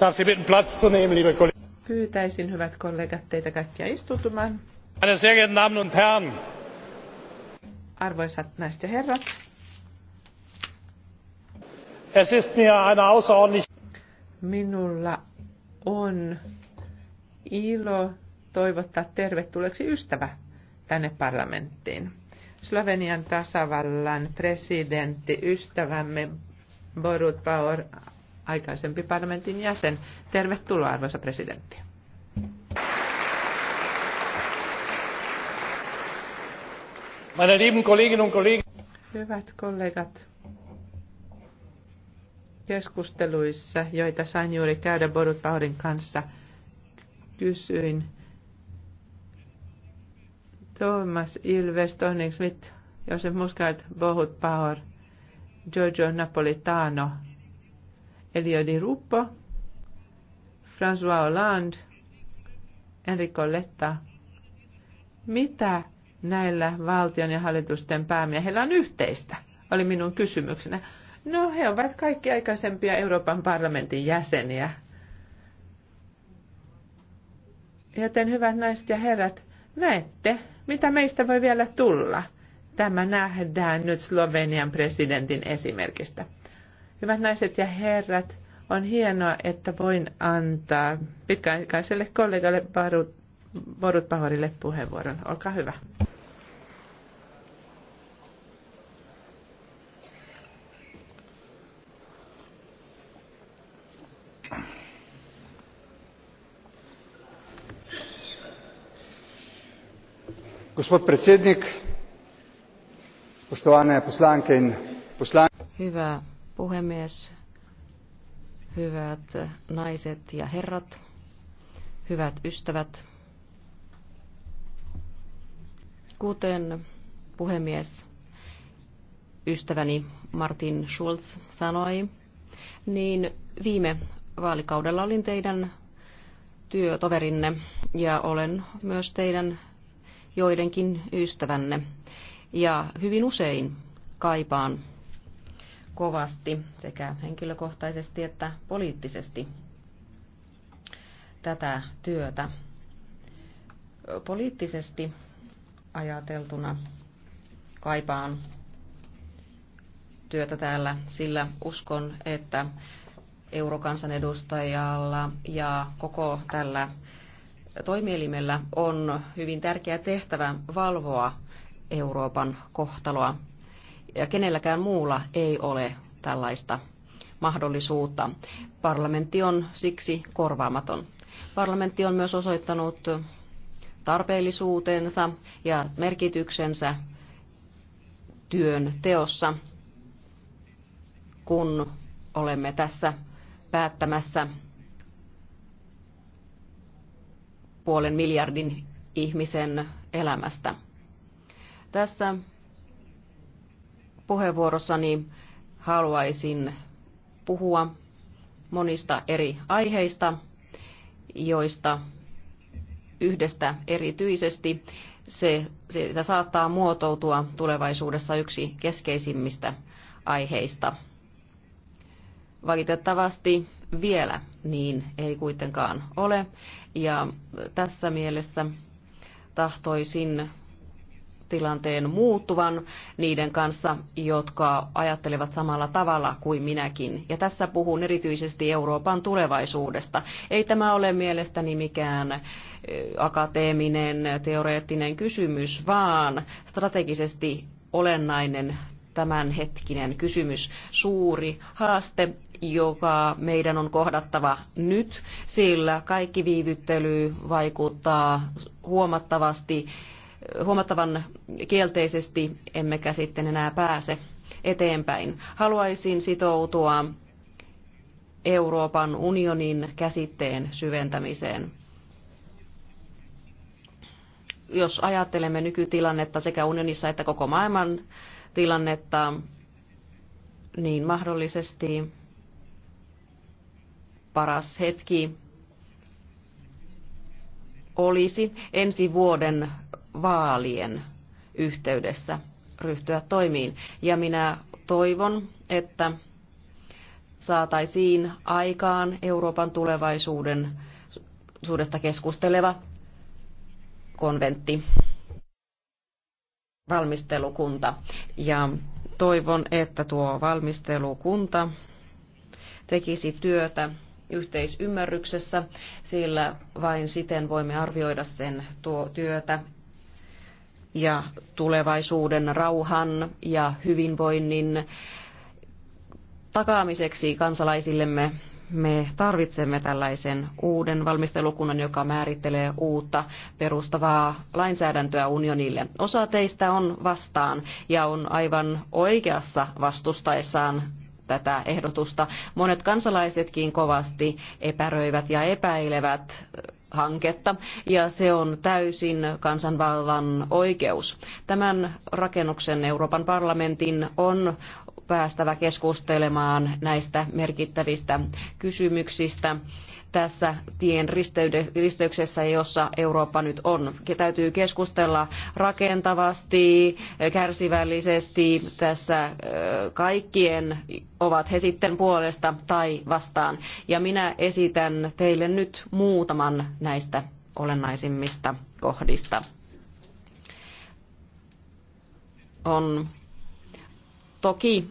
Darf Sie bitten Platz zu nehmen, liebe Kollegen. Pyytäisin, hyvät kollegat, teitä kaikkia istutumaan. Meine sehr geehrten Damen und Herren. Arvoisat naiset ja herrat. Es ist mir eine außerordentliche... Minulla on ilo toivottaa tervetulleeksi ystävä tänne parlamenttiin. Slovenian tasavallan presidentti, ystävämme Borut Paor aikaisempi parlamentin jäsen. Tervetuloa, arvoisa presidentti. Meine lieben Kolleginnen und Kollegen. Hyvät kollegat, keskusteluissa, joita sain juuri käydä Borut Paurin kanssa, kysyin Thomas Ilves, Tony Smith, Josef Muscat, Bohut Power, Giorgio Napolitano – Elio Di Ruppo, François Hollande, Enrico Letta. Mitä näillä valtion ja hallitusten päämiehillä on yhteistä, oli minun kysymyksenä. No he ovat kaikki aikaisempia Euroopan parlamentin jäseniä. Joten hyvät naiset ja herrat, näette, mitä meistä voi vielä tulla. Tämä nähdään nyt Slovenian presidentin esimerkistä. Hyvät naiset ja herrat, on hienoa, että voin antaa pitkäaikaiselle kollegalle Barut, Borut Pahorille puheenvuoron. Olkaa hyvä. gospod predsednik spoštovane poslanke in poslanci puhemies, hyvät naiset ja herrat, hyvät ystävät. Kuten puhemies ystäväni Martin Schulz sanoi, niin viime vaalikaudella olin teidän työtoverinne ja olen myös teidän joidenkin ystävänne. Ja hyvin usein kaipaan kovasti sekä henkilökohtaisesti että poliittisesti tätä työtä. Poliittisesti ajateltuna kaipaan työtä täällä, sillä uskon, että eurokansanedustajalla ja koko tällä toimielimellä on hyvin tärkeä tehtävä valvoa Euroopan kohtaloa ja kenelläkään muulla ei ole tällaista mahdollisuutta. Parlamentti on siksi korvaamaton. Parlamentti on myös osoittanut tarpeellisuutensa ja merkityksensä työn teossa, kun olemme tässä päättämässä puolen miljardin ihmisen elämästä. Tässä puheenvuorossani haluaisin puhua monista eri aiheista, joista yhdestä erityisesti se, se saattaa muotoutua tulevaisuudessa yksi keskeisimmistä aiheista. Valitettavasti vielä niin ei kuitenkaan ole. Ja tässä mielessä tahtoisin tilanteen muuttuvan niiden kanssa, jotka ajattelevat samalla tavalla kuin minäkin. Ja tässä puhun erityisesti Euroopan tulevaisuudesta. Ei tämä ole mielestäni mikään akateeminen, teoreettinen kysymys, vaan strategisesti olennainen tämänhetkinen kysymys, suuri haaste, joka meidän on kohdattava nyt, sillä kaikki viivyttely vaikuttaa huomattavasti huomattavan kielteisesti, emmekä sitten enää pääse eteenpäin. Haluaisin sitoutua Euroopan unionin käsitteen syventämiseen. Jos ajattelemme nykytilannetta sekä unionissa että koko maailman tilannetta, niin mahdollisesti paras hetki olisi ensi vuoden vaalien yhteydessä ryhtyä toimiin. Ja minä toivon, että saataisiin aikaan Euroopan tulevaisuuden suudesta keskusteleva konventti, valmistelukunta. Ja toivon, että tuo valmistelukunta tekisi työtä yhteisymmärryksessä, sillä vain siten voimme arvioida sen tuo työtä ja tulevaisuuden rauhan ja hyvinvoinnin takaamiseksi kansalaisillemme me tarvitsemme tällaisen uuden valmistelukunnan, joka määrittelee uutta perustavaa lainsäädäntöä unionille. Osa teistä on vastaan ja on aivan oikeassa vastustaessaan tätä ehdotusta. Monet kansalaisetkin kovasti epäröivät ja epäilevät hanketta ja se on täysin kansanvallan oikeus. Tämän rakennuksen Euroopan parlamentin on päästävä keskustelemaan näistä merkittävistä kysymyksistä tässä tien risteyksessä, jossa Eurooppa nyt on. Täytyy keskustella rakentavasti, kärsivällisesti tässä kaikkien, ovat he sitten puolesta tai vastaan. Ja minä esitän teille nyt muutaman näistä olennaisimmista kohdista. On toki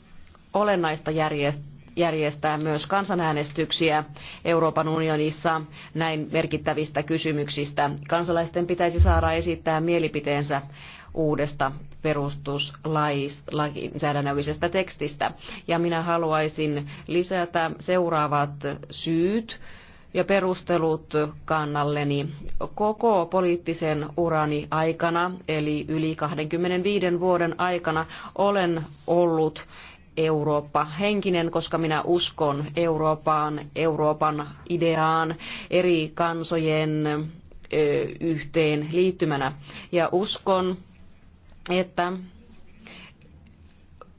olennaista järjestää myös kansanäänestyksiä Euroopan unionissa näin merkittävistä kysymyksistä. Kansalaisten pitäisi saada esittää mielipiteensä uudesta perustuslainsäädännöllisestä tekstistä. Ja minä haluaisin lisätä seuraavat syyt ja perustelut kannalleni koko poliittisen urani aikana, eli yli 25 vuoden aikana, olen ollut Eurooppa-henkinen, koska minä uskon Euroopan, Euroopan ideaan, eri kansojen yhteen liittymänä. Ja uskon, että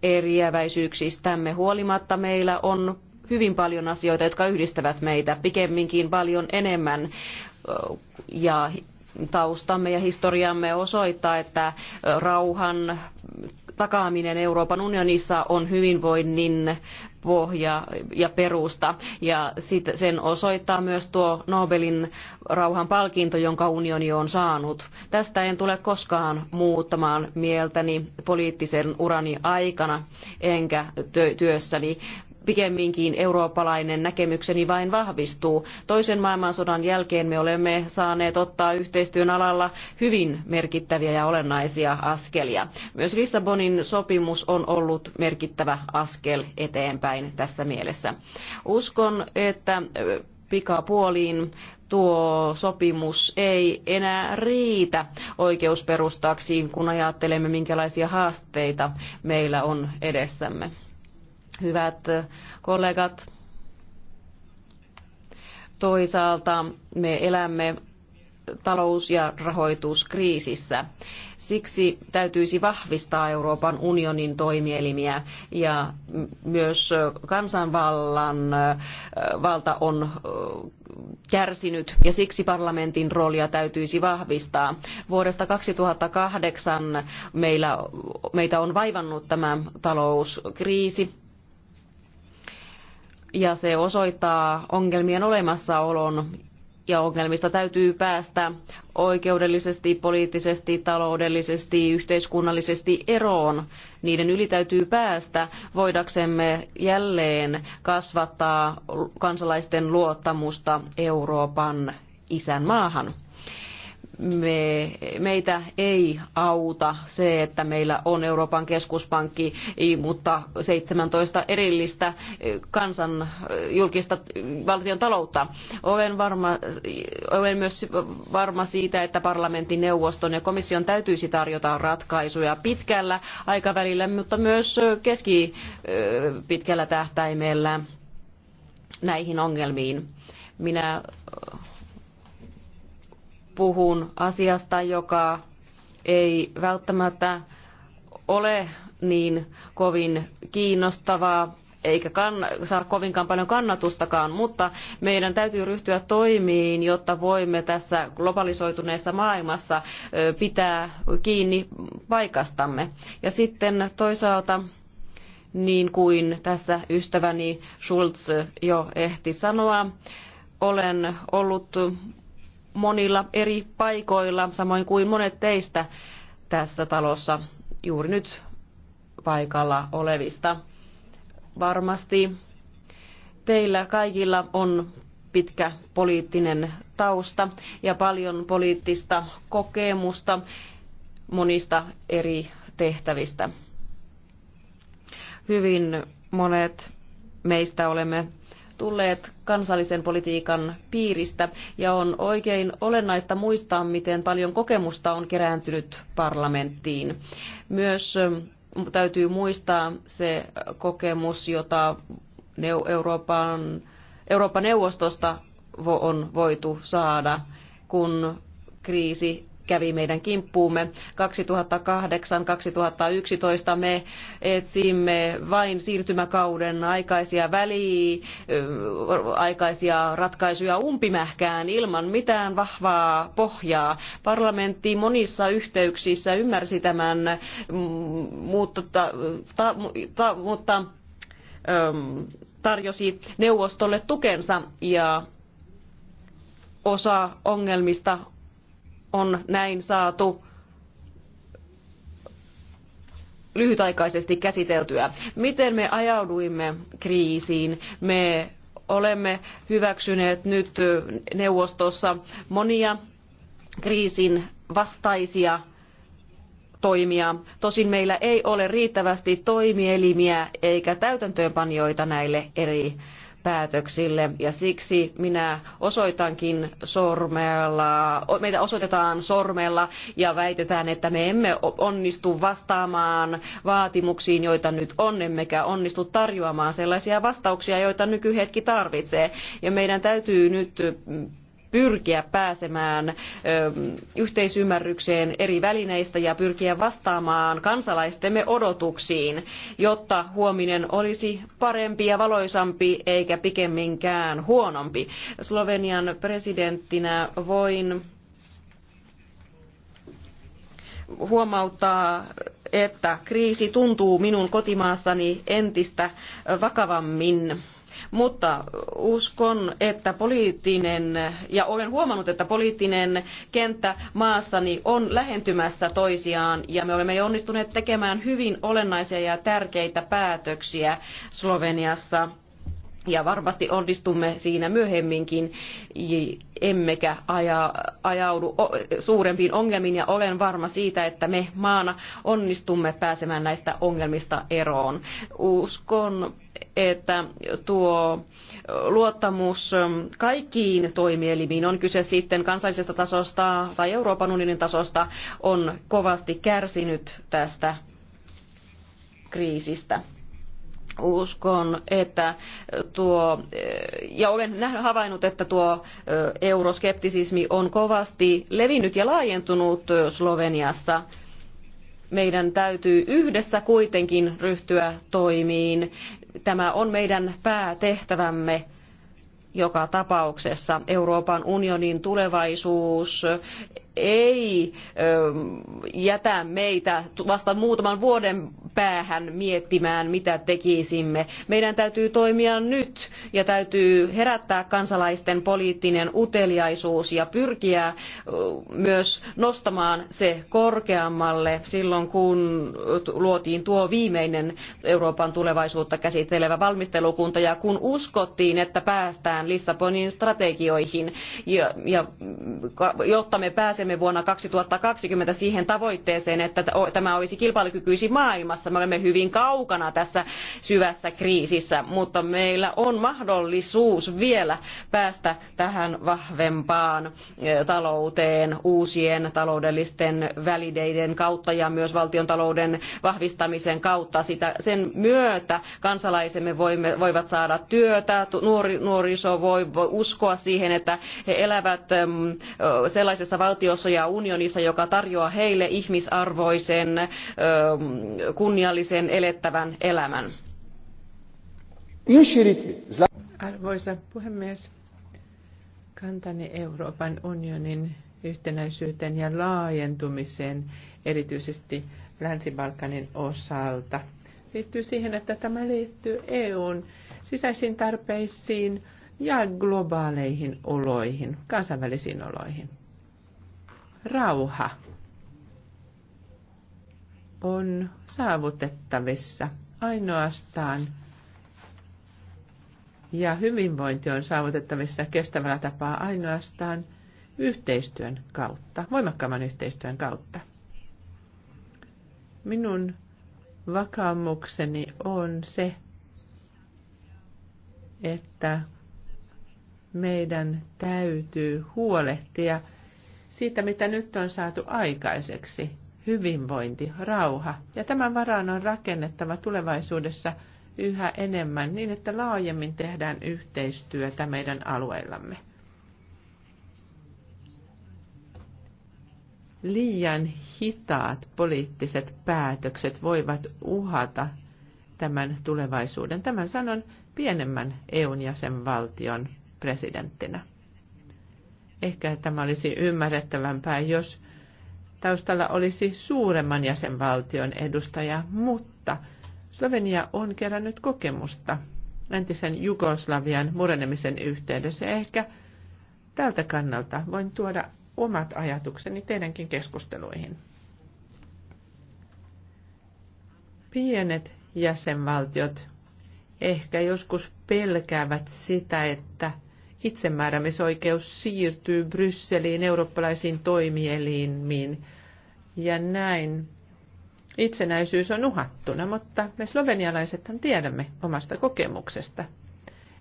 eriäväisyyksistämme huolimatta meillä on hyvin paljon asioita, jotka yhdistävät meitä, pikemminkin paljon enemmän. Ja taustamme ja historiamme osoittaa, että rauhan takaaminen Euroopan unionissa on hyvinvoinnin pohja ja perusta. Ja sit sen osoittaa myös tuo Nobelin rauhanpalkinto, jonka unioni on saanut. Tästä en tule koskaan muuttamaan mieltäni poliittisen urani aikana, enkä työssäni pikemminkin eurooppalainen näkemykseni vain vahvistuu. Toisen maailmansodan jälkeen me olemme saaneet ottaa yhteistyön alalla hyvin merkittäviä ja olennaisia askelia. Myös Lissabonin sopimus on ollut merkittävä askel eteenpäin tässä mielessä. Uskon, että pikapuoliin tuo sopimus ei enää riitä oikeusperustaksi, kun ajattelemme, minkälaisia haasteita meillä on edessämme. Hyvät kollegat, toisaalta me elämme talous- ja rahoituskriisissä. Siksi täytyisi vahvistaa Euroopan unionin toimielimiä ja myös kansanvallan valta on kärsinyt ja siksi parlamentin roolia täytyisi vahvistaa. Vuodesta 2008 meillä, meitä on vaivannut tämä talouskriisi ja se osoittaa ongelmien olemassaolon ja ongelmista täytyy päästä oikeudellisesti, poliittisesti, taloudellisesti, yhteiskunnallisesti eroon. Niiden yli täytyy päästä, voidaksemme jälleen kasvattaa kansalaisten luottamusta Euroopan isänmaahan me, meitä ei auta se, että meillä on Euroopan keskuspankki, mutta 17 erillistä eh, kansan eh, julkista eh, valtion taloutta. Olen, varma, olen myös varma siitä, että parlamentin neuvoston ja komission täytyisi tarjota ratkaisuja pitkällä aikavälillä, mutta myös keskipitkällä tähtäimellä näihin ongelmiin. Minä puhun asiasta, joka ei välttämättä ole niin kovin kiinnostavaa eikä saa kovinkaan paljon kannatustakaan, mutta meidän täytyy ryhtyä toimiin, jotta voimme tässä globalisoituneessa maailmassa pitää kiinni paikastamme. Ja sitten toisaalta niin kuin tässä ystäväni Schulz jo ehti sanoa, olen ollut monilla eri paikoilla, samoin kuin monet teistä tässä talossa juuri nyt paikalla olevista. Varmasti teillä kaikilla on pitkä poliittinen tausta ja paljon poliittista kokemusta monista eri tehtävistä. Hyvin monet meistä olemme tulleet kansallisen politiikan piiristä ja on oikein olennaista muistaa, miten paljon kokemusta on kerääntynyt parlamenttiin. Myös ähm, täytyy muistaa se kokemus, jota Euroopan, Euroopan neuvostosta on voitu saada, kun kriisi kävi meidän kimppuumme. 2008-2011 me etsimme vain siirtymäkauden aikaisia väliaikaisia ratkaisuja umpimähkään ilman mitään vahvaa pohjaa. Parlamentti monissa yhteyksissä ymmärsi tämän, mm, mutta, ta, ta, ta, mutta äm, tarjosi neuvostolle tukensa ja osa ongelmista on näin saatu lyhytaikaisesti käsiteltyä. Miten me ajauduimme kriisiin? Me olemme hyväksyneet nyt neuvostossa monia kriisin vastaisia toimia. Tosin meillä ei ole riittävästi toimielimiä eikä täytäntöönpanijoita näille eri päätöksille. Ja siksi minä osoitankin sormella, meitä osoitetaan sormella ja väitetään, että me emme onnistu vastaamaan vaatimuksiin, joita nyt on, emmekä onnistu tarjoamaan sellaisia vastauksia, joita nykyhetki tarvitsee. Ja meidän täytyy nyt pyrkiä pääsemään yhteisymmärrykseen eri välineistä ja pyrkiä vastaamaan kansalaistemme odotuksiin, jotta huominen olisi parempi ja valoisampi eikä pikemminkään huonompi. Slovenian presidenttinä voin huomauttaa, että kriisi tuntuu minun kotimaassani entistä vakavammin. Mutta uskon, että poliittinen, ja olen huomannut, että poliittinen kenttä maassani on lähentymässä toisiaan, ja me olemme jo onnistuneet tekemään hyvin olennaisia ja tärkeitä päätöksiä Sloveniassa ja varmasti onnistumme siinä myöhemminkin, emmekä aja, ajaudu suurempiin ongelmiin ja olen varma siitä, että me maana onnistumme pääsemään näistä ongelmista eroon. Uskon, että tuo luottamus kaikkiin toimielimiin, on kyse sitten kansallisesta tasosta tai Euroopan unionin tasosta, on kovasti kärsinyt tästä kriisistä uskon, että tuo, ja olen havainnut, että tuo euroskeptisismi on kovasti levinnyt ja laajentunut Sloveniassa. Meidän täytyy yhdessä kuitenkin ryhtyä toimiin. Tämä on meidän päätehtävämme joka tapauksessa. Euroopan unionin tulevaisuus ei ähm, jätä meitä vasta muutaman vuoden päähän miettimään, mitä tekisimme. Meidän täytyy toimia nyt ja täytyy herättää kansalaisten poliittinen uteliaisuus ja pyrkiä äh, myös nostamaan se korkeammalle silloin, kun luotiin tuo viimeinen Euroopan tulevaisuutta käsittelevä valmistelukunta ja kun uskottiin, että päästään Lissabonin strategioihin, ja, jotta me pääsemme pääsemme vuonna 2020 siihen tavoitteeseen, että tämä olisi kilpailukykyisin maailmassa. Me olemme hyvin kaukana tässä syvässä kriisissä, mutta meillä on mahdollisuus vielä päästä tähän vahvempaan e, talouteen uusien taloudellisten välineiden kautta ja myös valtion talouden vahvistamisen kautta. Sitä, sen myötä kansalaisemme voimme, voivat saada työtä, nuori, nuoriso voi uskoa siihen, että he elävät e, sellaisessa valtiossa, valtiossa unionissa, joka tarjoaa heille ihmisarvoisen, kunniallisen, elettävän elämän. Arvoisa puhemies, kantani Euroopan unionin yhtenäisyyteen ja laajentumiseen, erityisesti Länsi-Balkanin osalta, liittyy siihen, että tämä liittyy EUn sisäisiin tarpeisiin ja globaaleihin oloihin, kansainvälisiin oloihin rauha on saavutettavissa ainoastaan ja hyvinvointi on saavutettavissa kestävällä tapaa ainoastaan yhteistyön kautta, voimakkaamman yhteistyön kautta. Minun vakaumukseni on se, että meidän täytyy huolehtia – siitä, mitä nyt on saatu aikaiseksi. Hyvinvointi, rauha. Ja tämän varaan on rakennettava tulevaisuudessa yhä enemmän niin, että laajemmin tehdään yhteistyötä meidän alueillamme. Liian hitaat poliittiset päätökset voivat uhata tämän tulevaisuuden. Tämän sanon pienemmän EUn jäsenvaltion presidenttinä. Ehkä tämä olisi ymmärrettävämpää, jos taustalla olisi suuremman jäsenvaltion edustaja, mutta Slovenia on kerännyt kokemusta entisen Jugoslavian murenemisen yhteydessä. Ehkä tältä kannalta voin tuoda omat ajatukseni teidänkin keskusteluihin. Pienet jäsenvaltiot ehkä joskus pelkäävät sitä, että – itsemääräämisoikeus siirtyy Brysseliin, eurooppalaisiin toimielimiin. Ja näin itsenäisyys on uhattuna, mutta me slovenialaisethan tiedämme omasta kokemuksesta,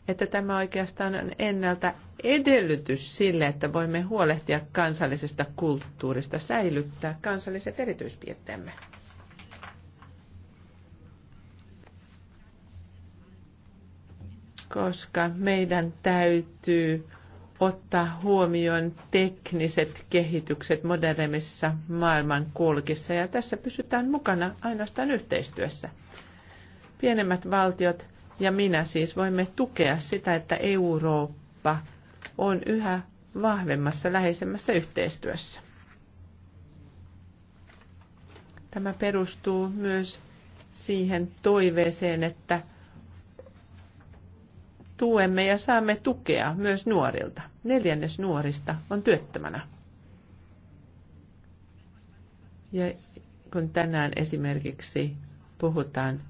että tämä oikeastaan on ennalta edellytys sille, että voimme huolehtia kansallisesta kulttuurista, säilyttää kansalliset erityispiirteemme. koska meidän täytyy ottaa huomioon tekniset kehitykset modernissa maailmankulkissa ja tässä pysytään mukana ainoastaan yhteistyössä. Pienemmät valtiot ja minä siis voimme tukea sitä, että Eurooppa on yhä vahvemmassa, läheisemmässä yhteistyössä. Tämä perustuu myös siihen toiveeseen, että tuemme ja saamme tukea myös nuorilta. Neljännes nuorista on työttömänä. Ja kun tänään esimerkiksi puhutaan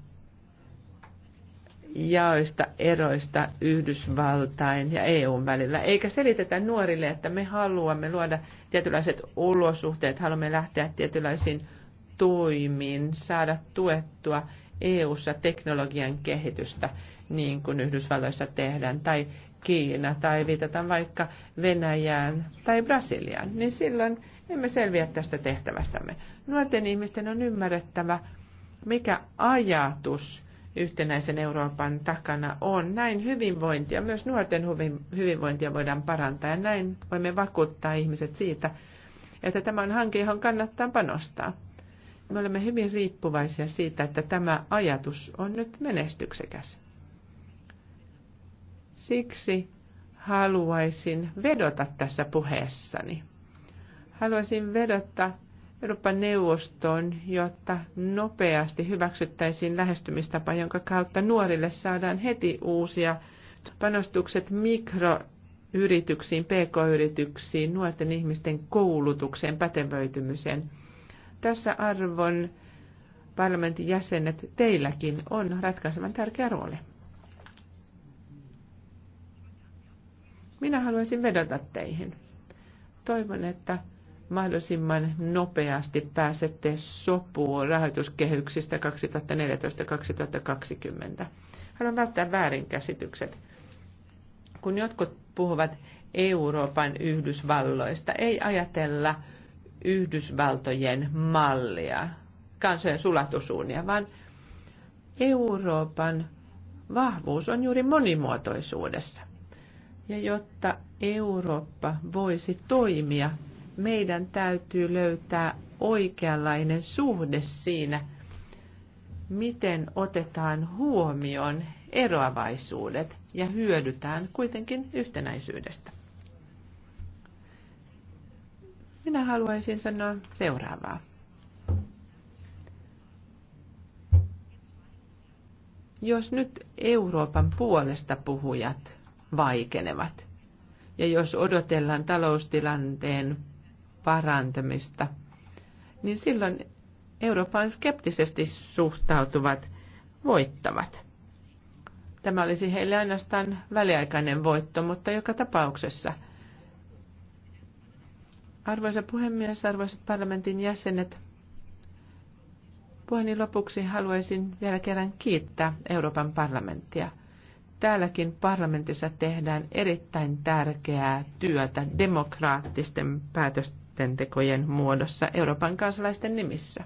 jaoista, eroista Yhdysvaltain ja EUn välillä, eikä selitetä nuorille, että me haluamme luoda tietynlaiset olosuhteet, haluamme lähteä tietynlaisiin toimiin, saada tuettua EU-ssa teknologian kehitystä niin kuin Yhdysvalloissa tehdään, tai Kiina, tai viitataan vaikka Venäjään tai Brasiliaan, niin silloin emme selviä tästä tehtävästämme. Nuorten ihmisten on ymmärrettävä, mikä ajatus yhtenäisen Euroopan takana on. Näin hyvinvointia, myös nuorten hyvinvointia voidaan parantaa ja näin voimme vakuuttaa ihmiset siitä, että tämä on hanke, johon kannattaa panostaa. Me olemme hyvin riippuvaisia siitä, että tämä ajatus on nyt menestyksekäs. Siksi haluaisin vedota tässä puheessani. Haluaisin vedota Euroopan neuvostoon, jotta nopeasti hyväksyttäisiin lähestymistapa, jonka kautta nuorille saadaan heti uusia panostukset mikroyrityksiin, pk-yrityksiin, nuorten ihmisten koulutukseen, pätevöitymiseen. Tässä arvon parlamentin jäsenet, teilläkin on ratkaisevan tärkeä rooli. Minä haluaisin vedota teihin. Toivon, että mahdollisimman nopeasti pääsette sopuun rahoituskehyksistä 2014-2020. Haluan välttää väärinkäsitykset. Kun jotkut puhuvat Euroopan Yhdysvalloista, ei ajatella Yhdysvaltojen mallia, kansojen sulatusuunia, vaan Euroopan vahvuus on juuri monimuotoisuudessa. Ja jotta Eurooppa voisi toimia, meidän täytyy löytää oikeanlainen suhde siinä, miten otetaan huomioon eroavaisuudet ja hyödytään kuitenkin yhtenäisyydestä. Minä haluaisin sanoa seuraavaa. Jos nyt Euroopan puolesta puhujat vaikenevat. Ja jos odotellaan taloustilanteen parantamista, niin silloin Euroopan skeptisesti suhtautuvat voittavat. Tämä olisi heille ainoastaan väliaikainen voitto, mutta joka tapauksessa. Arvoisa puhemies, arvoisat parlamentin jäsenet, puheeni lopuksi haluaisin vielä kerran kiittää Euroopan parlamenttia täälläkin parlamentissa tehdään erittäin tärkeää työtä demokraattisten päätösten tekojen muodossa Euroopan kansalaisten nimissä.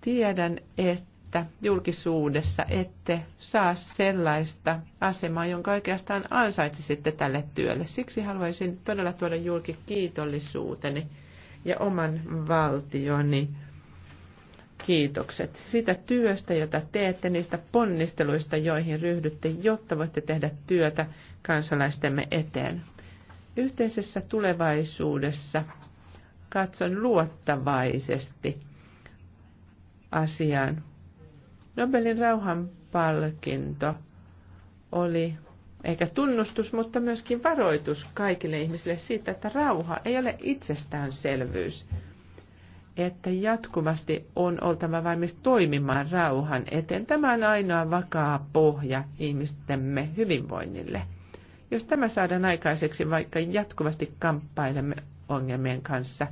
Tiedän, että julkisuudessa ette saa sellaista asemaa, jonka oikeastaan ansaitsisitte tälle työlle. Siksi haluaisin todella tuoda julki kiitollisuuteni ja oman valtioni kiitokset sitä työstä, jota teette, niistä ponnisteluista, joihin ryhdytte, jotta voitte tehdä työtä kansalaistemme eteen. Yhteisessä tulevaisuudessa katson luottavaisesti asiaan. Nobelin rauhanpalkinto oli eikä tunnustus, mutta myöskin varoitus kaikille ihmisille siitä, että rauha ei ole itsestäänselvyys. selvyys että jatkuvasti on oltava valmis toimimaan rauhan eteen. Tämä on ainoa vakaa pohja ihmistemme hyvinvoinnille. Jos tämä saadaan aikaiseksi, vaikka jatkuvasti kamppailemme ongelmien kanssa,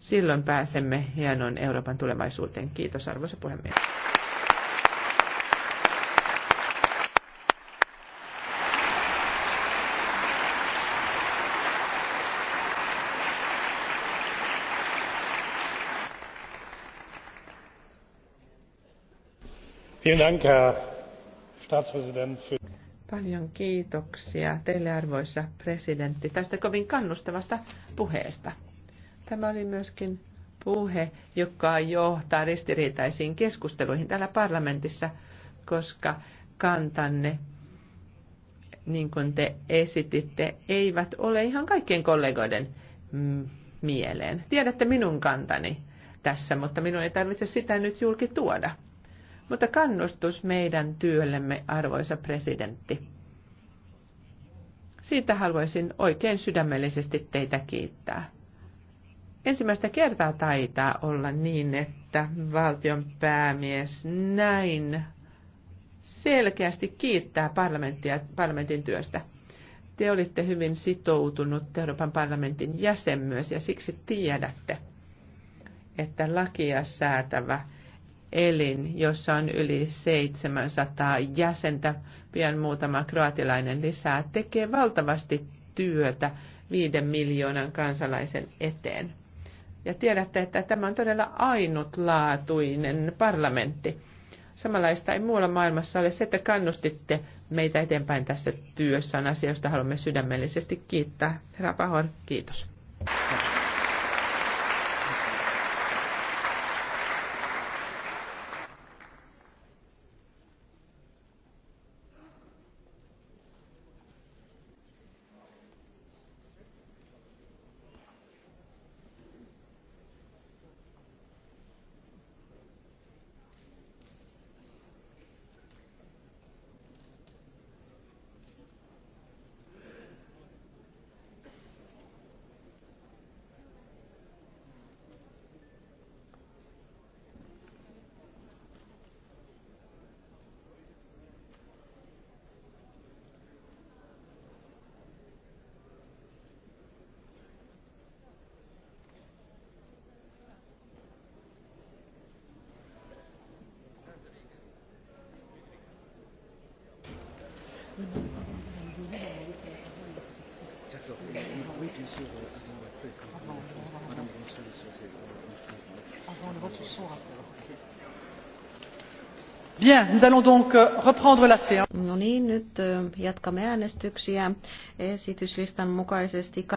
silloin pääsemme hienon Euroopan tulevaisuuteen. Kiitos arvoisa puhemies. Paljon kiitoksia teille arvoisa presidentti tästä kovin kannustavasta puheesta. Tämä oli myöskin puhe, joka johtaa ristiriitaisiin keskusteluihin täällä parlamentissa, koska kantanne, niin kuin te esititte, eivät ole ihan kaikkien kollegoiden mm, mieleen. Tiedätte minun kantani tässä, mutta minun ei tarvitse sitä nyt julki tuoda mutta kannustus meidän työllemme, arvoisa presidentti. Siitä haluaisin oikein sydämellisesti teitä kiittää. Ensimmäistä kertaa taitaa olla niin, että valtion päämies näin selkeästi kiittää parlamenttia, parlamentin työstä. Te olitte hyvin sitoutunut Euroopan parlamentin jäsen myös ja siksi tiedätte, että lakia säätävä – elin, jossa on yli 700 jäsentä, pian muutama kroatilainen lisää, tekee valtavasti työtä viiden miljoonan kansalaisen eteen. Ja tiedätte, että tämä on todella ainutlaatuinen parlamentti. Samanlaista ei muualla maailmassa ole se, että kannustitte meitä eteenpäin tässä työssä on asia, josta haluamme sydämellisesti kiittää. Herra Pahor, kiitos. Bien, nous allons donc euh, reprendre la séance. No niin, nyt jatkamme äänestyksiä esityslistan mukaisesti.